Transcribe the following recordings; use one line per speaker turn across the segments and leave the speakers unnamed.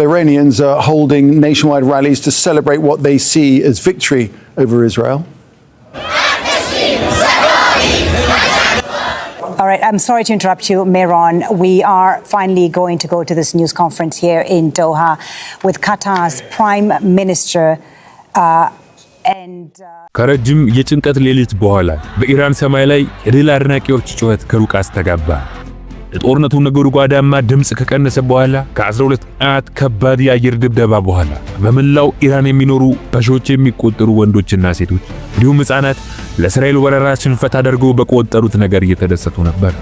Iranians are holding nationwide rallies to celebrate what they see as victory over Israel.
All right, I'm sorry to interrupt you, Mehran. We are finally going to go to this news conference here in Doha with Qatar's Prime Minister. Uh, uh
ከረጅም የጭንቀት ሌሊት በኋላ በኢራን ሰማይ ላይ የድል አድናቂዎች ጩኸት ከሩቅ አስተጋባ። የጦርነቱ ነጎድጓዳማ ድምፅ ከቀነሰ በኋላ ከ12 ቀናት ከባድ የአየር ድብደባ በኋላ በመላው ኢራን የሚኖሩ በሺዎች የሚቆጠሩ ወንዶችና ሴቶች እንዲሁም ሕፃናት ለእስራኤል ወረራ ሽንፈት አድርገው በቆጠሩት ነገር እየተደሰቱ ነበር።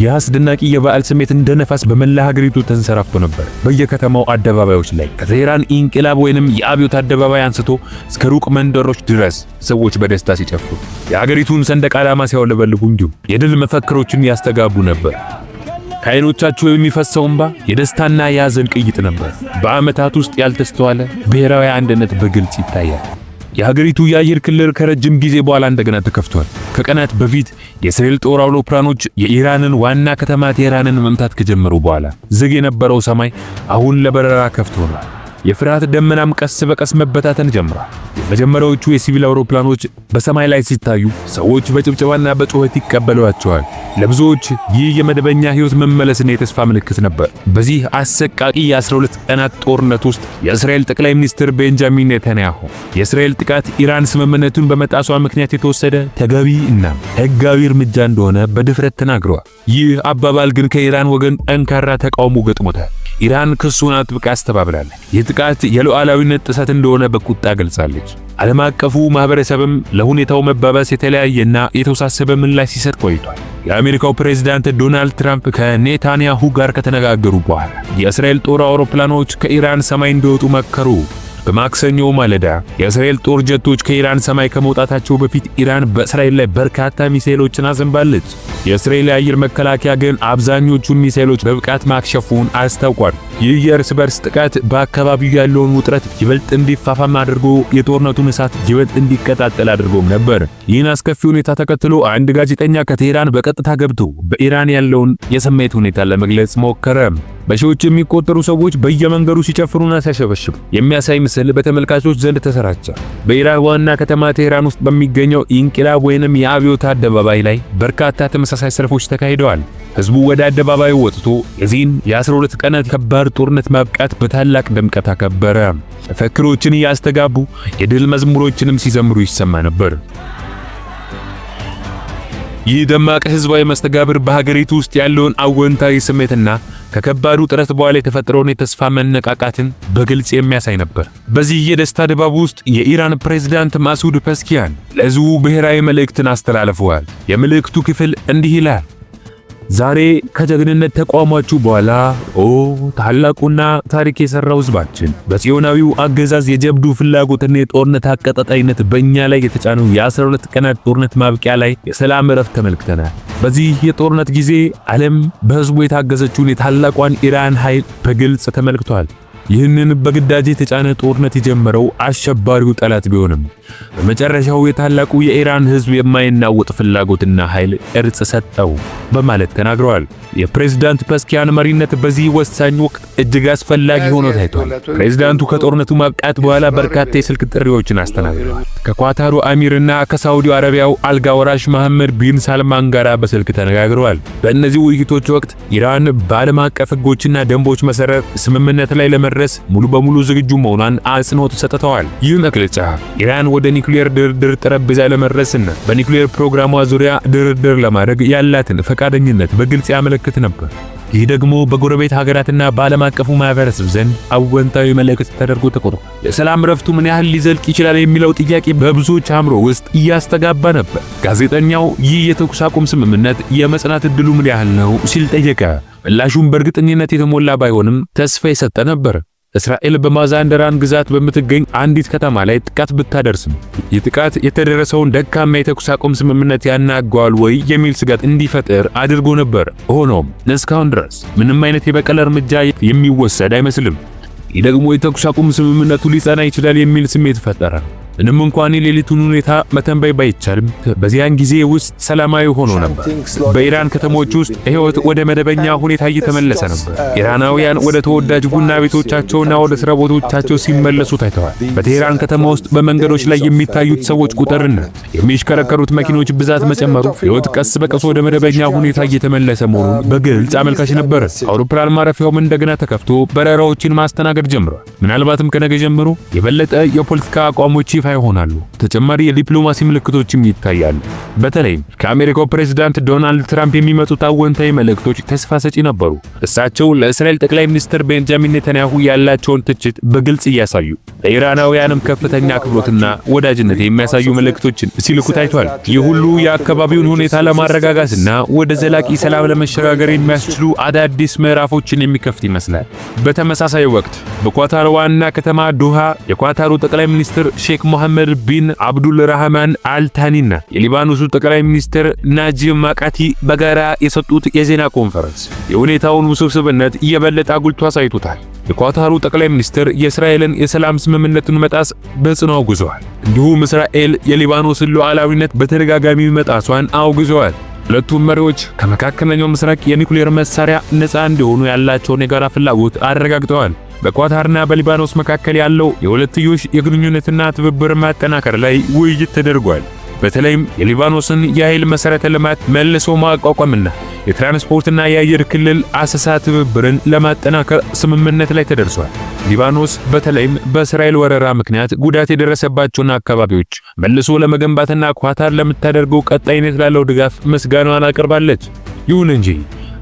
ይህ አስደናቂ የበዓል ስሜት እንደ ነፋስ በመላ ሀገሪቱ ተንሰራፍቶ ነበር። በየከተማው አደባባዮች ላይ ከቴህራን ኢንቅላብ ወይንም የአብዮት አደባባይ አንስቶ እስከ ሩቅ መንደሮች ድረስ ሰዎች በደስታ ሲጨፍሩ፣ የሀገሪቱን ሰንደቅ ዓላማ ሲያውለበልቡ፣ እንዲሁም የድል መፈክሮችን ያስተጋቡ ነበር። ከዓይኖቻቸው የሚፈሰው እንባ የደስታና የሐዘን ቅይጥ ነበር። በዓመታት ውስጥ ያልተስተዋለ ብሔራዊ አንድነት በግልጽ ይታያል። የሀገሪቱ የአየር ክልል ከረጅም ጊዜ በኋላ እንደገና ተከፍቷል። ከቀናት በፊት የእስራኤል ጦር አውሮፕላኖች የኢራንን ዋና ከተማ ቴህራንን መምታት ከጀመሩ በኋላ ዝግ የነበረው ሰማይ አሁን ለበረራ ከፍቶ ነው። የፍርሃት ደመናም ቀስ በቀስ መበታተን ጀምሯል። መጀመሪያዎቹ የሲቪል አውሮፕላኖች በሰማይ ላይ ሲታዩ ሰዎች በጭብጨባና በጩኸት ይቀበሏቸዋል። ለብዙዎች ይህ የመደበኛ ሕይወት መመለስና የተስፋ ምልክት ነበር። በዚህ አሰቃቂ የ12 ቀናት ጦርነት ውስጥ የእስራኤል ጠቅላይ ሚኒስትር ቤንጃሚን ኔታንያሁ የእስራኤል ጥቃት ኢራን ስምምነቱን በመጣሷ ምክንያት የተወሰደ ተገቢ እና ሕጋዊ እርምጃ እንደሆነ በድፍረት ተናግረዋል። ይህ አባባል ግን ከኢራን ወገን ጠንካራ ተቃውሞ ገጥሞታል። ኢራን ክሱን አጥብቃ አስተባብላለች። ይህ ጥቃት የሉዓላዊነት ጥሰት እንደሆነ በቁጣ ገልጻለች። ዓለም አቀፉ ማህበረሰብም ለሁኔታው መባባስ የተለያየና የተወሳሰበ ምላሽ ሲሰጥ ቆይቷል። የአሜሪካው ፕሬዝዳንት ዶናልድ ትራምፕ ከኔታንያሁ ጋር ከተነጋገሩ በኋላ የእስራኤል ጦር አውሮፕላኖች ከኢራን ሰማይ እንዲወጡ መከሩ። በማክሰኞ ማለዳ የእስራኤል ጦር ጀቶች ከኢራን ሰማይ ከመውጣታቸው በፊት ኢራን በእስራኤል ላይ በርካታ ሚሳኤሎችን አዘንባለች። የእስራኤል የአየር መከላከያ ግን አብዛኞቹን ሚሳኤሎች በብቃት ማክሸፉን አስታውቋል። ይህ የእርስ በርስ ጥቃት በአካባቢው ያለውን ውጥረት ይበልጥ እንዲፋፋም አድርጎ የጦርነቱን እሳት ይበልጥ እንዲቀጣጠል አድርጎም ነበር። ይህን አስከፊ ሁኔታ ተከትሎ አንድ ጋዜጠኛ ከቴህራን በቀጥታ ገብቶ በኢራን ያለውን የስሜት ሁኔታ ለመግለጽ ሞከረ። በሺዎች የሚቆጠሩ ሰዎች በየመንገዱ ሲጨፍሩና ሲያሸበሽቡ የሚያሳይ ምስል በተመልካቾች ዘንድ ተሰራጨ። በኢራን ዋና ከተማ ቴህራን ውስጥ በሚገኘው ኢንቂላብ ወይንም የአብዮት አደባባይ ላይ በርካታ ተመሳሳይ ሰልፎች ተካሂደዋል። ህዝቡ ወደ አደባባዩ ወጥቶ የዚህን የ12 ቀናት ከባድ ጦርነት ማብቃት በታላቅ ድምቀት አከበረ። መፈክሮችን እያስተጋቡ የድል መዝሙሮችንም ሲዘምሩ ይሰማ ነበር። ይህ ደማቅ ህዝባዊ መስተጋብር በሀገሪቱ ውስጥ ያለውን አወንታዊ ስሜትና ከከባዱ ጥረት በኋላ የተፈጠረውን የተስፋ መነቃቃትን በግልጽ የሚያሳይ ነበር። በዚህ የደስታ ድባብ ውስጥ የኢራን ፕሬዝዳንት ማሱድ ፐስኪያን ለሕዝቡ ብሔራዊ መልእክትን አስተላልፈዋል። የመልእክቱ ክፍል እንዲህ ይላል ዛሬ ከጀግንነት ተቋማችሁ በኋላ ኦ ታላቁና ታሪክ የሰራው ህዝባችን በጽዮናዊው አገዛዝ የጀብዱ ፍላጎትና የጦርነት አቀጣጣይነት በእኛ ላይ የተጫነው የ12 ቀናት ጦርነት ማብቂያ ላይ የሰላም እረፍት ተመልክተናል። በዚህ የጦርነት ጊዜ ዓለም በህዝቡ የታገዘችውን የታላቋን ኢራን ኃይል በግልጽ ተመልክቷል። ይህንን በግዳጅ የተጫነ ጦርነት የጀመረው አሸባሪው ጠላት ቢሆንም በመጨረሻው የታላቁ የኢራን ሕዝብ የማይናወጥ ፍላጎትና ኃይል ቅርጽ ሰጠው በማለት ተናግረዋል። የፕሬዝዳንት ፔስኪያን መሪነት በዚህ ወሳኝ ወቅት እጅግ አስፈላጊ ሆኖ ታይቷል። ፕሬዝዳንቱ ከጦርነቱ ማብቃት በኋላ በርካታ የስልክ ጥሪዎችን አስተናግደዋል። ከኳታሩ አሚርና ከሳውዲው አረቢያው አልጋ ወራሽ መሐመድ ቢን ሳልማን ጋር በስልክ ተነጋግረዋል። በእነዚህ ውይይቶች ወቅት ኢራን በዓለም አቀፍ ህጎችና ደንቦች መሰረት ስምምነት ላይ ለመረ ለመድረስ ሙሉ በሙሉ ዝግጁ መሆኗን አጽንኦት ሰጥተዋል። ይህ መግለጫ ኢራን ወደ ኒውክሌር ድርድር ጠረጴዛ ለመድረስና በኒውክሌር ፕሮግራሟ ዙሪያ ድርድር ለማድረግ ያላትን ፈቃደኝነት በግልጽ ያመለክት ነበር። ይህ ደግሞ በጎረቤት ሀገራትና በዓለም አቀፉ ማህበረሰብ ዘንድ አወንታዊ መልእክት ተደርጎ ተቆጥሯል። የሰላም ረፍቱ ምን ያህል ሊዘልቅ ይችላል የሚለው ጥያቄ በብዙዎች አእምሮ ውስጥ እያስተጋባ ነበር። ጋዜጠኛው ይህ የተኩስ አቁም ስምምነት የመጽናት ዕድሉ ምን ያህል ነው ሲል ጠየቀ። ምላሹም በእርግጠኝነት የተሞላ ባይሆንም ተስፋ የሰጠ ነበር። እስራኤል በማዛንደራን ግዛት በምትገኝ አንዲት ከተማ ላይ ጥቃት ብታደርስም ይህ ጥቃት የተደረሰውን ደካማ የተኩስ አቁም ስምምነት ያናጓል ወይ የሚል ስጋት እንዲፈጠር አድርጎ ነበር። ሆኖም እስካሁን ድረስ ምንም አይነት የበቀል እርምጃ የሚወሰድ አይመስልም። ይህ ደግሞ የተኩስ አቁም ስምምነቱ ሊጸና ይችላል የሚል ስሜት ፈጠረ። ምንም እንኳን የሌሊቱን ሁኔታ መተንበይ ባይቻልም በዚያን ጊዜ ውስጥ ሰላማዊ ሆኖ ነበር። በኢራን ከተሞች ውስጥ ሕይወት ወደ መደበኛ ሁኔታ እየተመለሰ ነበር። ኢራናውያን ወደ ተወዳጅ ቡና ቤቶቻቸውና ወደ ስራ ቦታዎቻቸው ሲመለሱ ታይተዋል። በቴህራን ከተማ ውስጥ በመንገዶች ላይ የሚታዩት ሰዎች ቁጥርና የሚሽከረከሩት መኪኖች ብዛት መጨመሩ ሕይወት ቀስ በቀስ ወደ መደበኛ ሁኔታ እየተመለሰ መሆኑን በግልጽ አመልካች ነበር። አውሮፕላን ማረፊያውም እንደገና ተከፍቶ በረራዎችን ማስተናገድ ጀምሯል። ምናልባትም ከነገ ጀምሮ የበለጠ የፖለቲካ አቋሞች ጁስቲፋይ ይሆናሉ። ተጨማሪ የዲፕሎማሲ ምልክቶችም ይታያሉ። በተለይም ከአሜሪካው ፕሬዝዳንት ዶናልድ ትራምፕ የሚመጡት አወንታዊ መልእክቶች ተስፋ ሰጪ ነበሩ። እሳቸው ለእስራኤል ጠቅላይ ሚኒስትር ቤንጃሚን ኔታንያሁ ያላቸውን ትችት በግልጽ እያሳዩ ለኢራናውያንም ከፍተኛ አክብሮትና ወዳጅነት የሚያሳዩ መልእክቶችን ሲልኩ ታይቷል። ይህ ሁሉ የአካባቢውን ሁኔታ ለማረጋጋትና ወደ ዘላቂ ሰላም ለመሸጋገር የሚያስችሉ አዳዲስ ምዕራፎችን የሚከፍት ይመስላል። በተመሳሳይ ወቅት በኳታር ዋና ከተማ ዶሃ የኳታሩ ጠቅላይ ሚኒስትር ሼክ መሐመድ ቢን አብዱልራህማን አልታኒና የሊባኖሱ ጠቅላይ ሚኒስትር ናጂብ ማቃቲ በጋራ የሰጡት የዜና ኮንፈረንስ የሁኔታውን ውስብስብነት እየበለጠ አጉልቶ አሳይቶታል። የኳታሩ ጠቅላይ ሚኒስትር የእስራኤልን የሰላም ስምምነትን መጣስ በጽኑ አውግዘዋል። እንዲሁም እስራኤል የሊባኖስን ሉዓላዊነት በተደጋጋሚ መጣሷን አውግዘዋል። ሁለቱም መሪዎች ከመካከለኛው ምስራቅ የኒውክሌር መሳሪያ ነፃ እንዲሆኑ ያላቸውን የጋራ ፍላጎት አረጋግጠዋል። በኳታርና በሊባኖስ መካከል ያለው የሁለትዮሽ የግንኙነትና ትብብር ማጠናከር ላይ ውይይት ተደርጓል። በተለይም የሊባኖስን የኃይል መሠረተ ልማት መልሶ ማቋቋምና የትራንስፖርትና የአየር ክልል አሰሳ ትብብርን ለማጠናከር ስምምነት ላይ ተደርሷል። ሊባኖስ በተለይም በእስራኤል ወረራ ምክንያት ጉዳት የደረሰባቸውን አካባቢዎች መልሶ ለመገንባትና ኳታር ለምታደርገው ቀጣይነት ላለው ድጋፍ ምስጋናዋን አቅርባለች። ይሁን እንጂ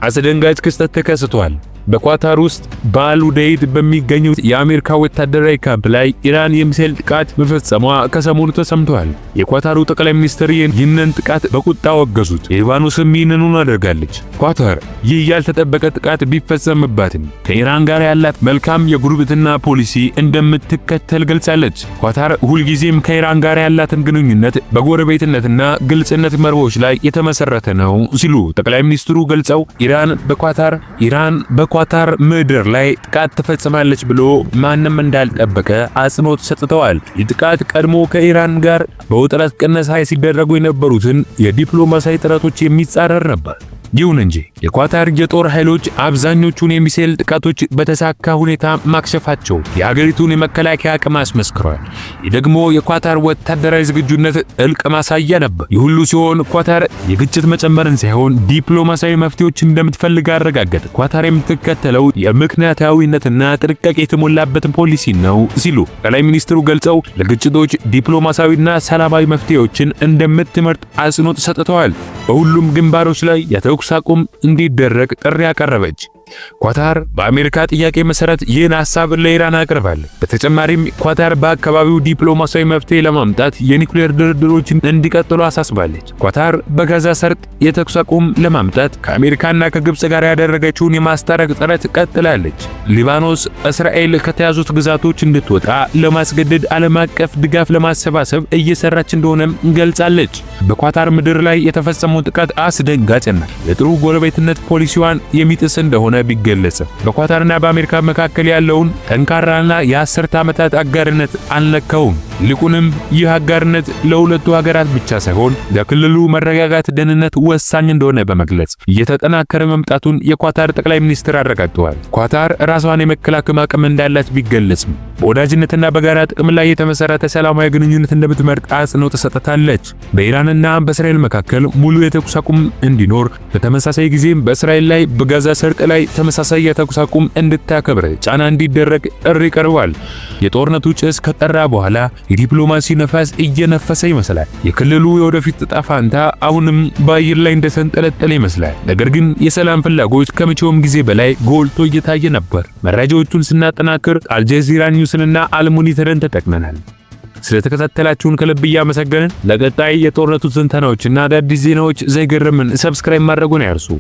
አስደንጋጭ ክስተት ተከስቷል። በኳታር ውስጥ በአልኡደይድ በሚገኘው የአሜሪካ ወታደራዊ ካምፕ ላይ ኢራን የሚሳኤል ጥቃት መፈጸሟ ከሰሞኑ ተሰምቷል። የኳታሩ ጠቅላይ ሚኒስትር ይህንን ጥቃት በቁጣ ወገዙት። ሊባኖስም ይህንኑን አደርጋለች። ኳታር ይህ ያልተጠበቀ ጥቃት ቢፈጸምባትም ከኢራን ጋር ያላት መልካም የጉርብትና ፖሊሲ እንደምትከተል ገልጻለች። ኳታር ሁልጊዜም ከኢራን ጋር ያላትን ግንኙነት በጎረቤትነትና ግልጽነት መርሆች ላይ የተመሰረተ ነው ሲሉ ጠቅላይ ሚኒስትሩ ገልጸው ኢራን በኳታር ኢራን በኳ ኳታር ምድር ላይ ጥቃት ትፈጽማለች ብሎ ማንም እንዳልጠበቀ አጽንኦት ሰጥተዋል። ይህ ጥቃት ቀድሞ ከኢራን ጋር በውጥረት ቅነሳ ሲደረጉ የነበሩትን የዲፕሎማሲያዊ ጥረቶች የሚጻረር ነበር። ይሁን እንጂ የኳታር የጦር ኃይሎች አብዛኞቹን የሚሳኤል ጥቃቶች በተሳካ ሁኔታ ማክሸፋቸው የሀገሪቱን የመከላከያ አቅም አስመስክሯል። ይህ ደግሞ የኳታር ወታደራዊ ዝግጁነት እልቅ ማሳያ ነበር። ይህ ሁሉ ሲሆን ኳታር የግጭት መጨመርን ሳይሆን ዲፕሎማሲያዊ መፍትሄዎች እንደምትፈልግ አረጋገጠ። ኳታር የምትከተለው የምክንያታዊነትና ጥንቃቄ የተሞላበትን ፖሊሲ ነው ሲሉ ጠቅላይ ሚኒስትሩ ገልጸው ለግጭቶች ዲፕሎማሲያዊና ሰላማዊ መፍትሄዎችን እንደምትመርጥ አጽንኦት ሰጥተዋል። በሁሉም ግንባሮች ላይ የተኩስ አቁም እንዲደረግ ጥሪ ያቀረበች ኳታር በአሜሪካ ጥያቄ መሰረት ይህን ሀሳብ ለኢራን አቅርባል። በተጨማሪም ኳታር በአካባቢው ዲፕሎማሲያዊ መፍትሄ ለማምጣት የኒውክሌር ድርድሮችን እንዲቀጥሉ አሳስባለች። ኳታር በጋዛ ሰርጥ የተኩስ አቁም ለማምጣት ከአሜሪካና ከግብፅ ጋር ያደረገችውን የማስታረቅ ጥረት ቀጥላለች። ሊባኖስ እስራኤል ከተያዙት ግዛቶች እንድትወጣ ለማስገደድ ዓለም አቀፍ ድጋፍ ለማሰባሰብ እየሰራች እንደሆነም ገልጻለች። በኳታር ምድር ላይ የተፈጸመው ጥቃት አስደንጋጭና የጥሩ ጎረቤትነት ፖሊሲዋን የሚጥስ እንደሆነ ቢገለጽም በኳታርና በአሜሪካ መካከል ያለውን ጠንካራና የአስርተ ዓመታት አጋርነት አልነካውም። ይልቁንም ይህ አጋርነት ለሁለቱ ሀገራት ብቻ ሳይሆን ለክልሉ መረጋጋት ደህንነት ወሳኝ እንደሆነ በመግለጽ እየተጠናከረ መምጣቱን የኳታር ጠቅላይ ሚኒስትር አረጋግጠዋል። ኳታር ራሷን የመከላከም አቅም እንዳላት ቢገለጽም በወዳጅነትና በጋራ ጥቅም ላይ የተመሰረተ ሰላማዊ ግንኙነት እንደምትመርጥ አጽንኦት ሰጥታለች። በኢራንና በእስራኤል መካከል ሙሉ የተኩስ አቁም እንዲኖር፣ በተመሳሳይ ጊዜም በእስራኤል ላይ በጋዛ ሰርጥ ላይ ተመሳሳይ የተኩስ አቁም እንድታከብር ጫና እንዲደረግ ጥሪ ቀርቧል። የጦርነቱ ጭስ ከጠራ በኋላ የዲፕሎማሲ ነፋስ እየነፈሰ ይመስላል። የክልሉ የወደፊት ዕጣ ፈንታ አሁንም በአየር ላይ እንደተንጠለጠለ ይመስላል። ነገር ግን የሰላም ፍላጎት ከመቼውም ጊዜ በላይ ጎልቶ እየታየ ነበር። መረጃዎቹን ስናጠናክር አልጀዚራ ኒውስንና አልሙኒተርን ተጠቅመናል። ስለተከታተላችሁን ከልብ እያመሰገንን ለቀጣይ የጦርነቱ ትንተናዎችና አዳዲስ ዜናዎች ዘይገርምን ሰብስክራይብ ማድረጉን አይርሱ።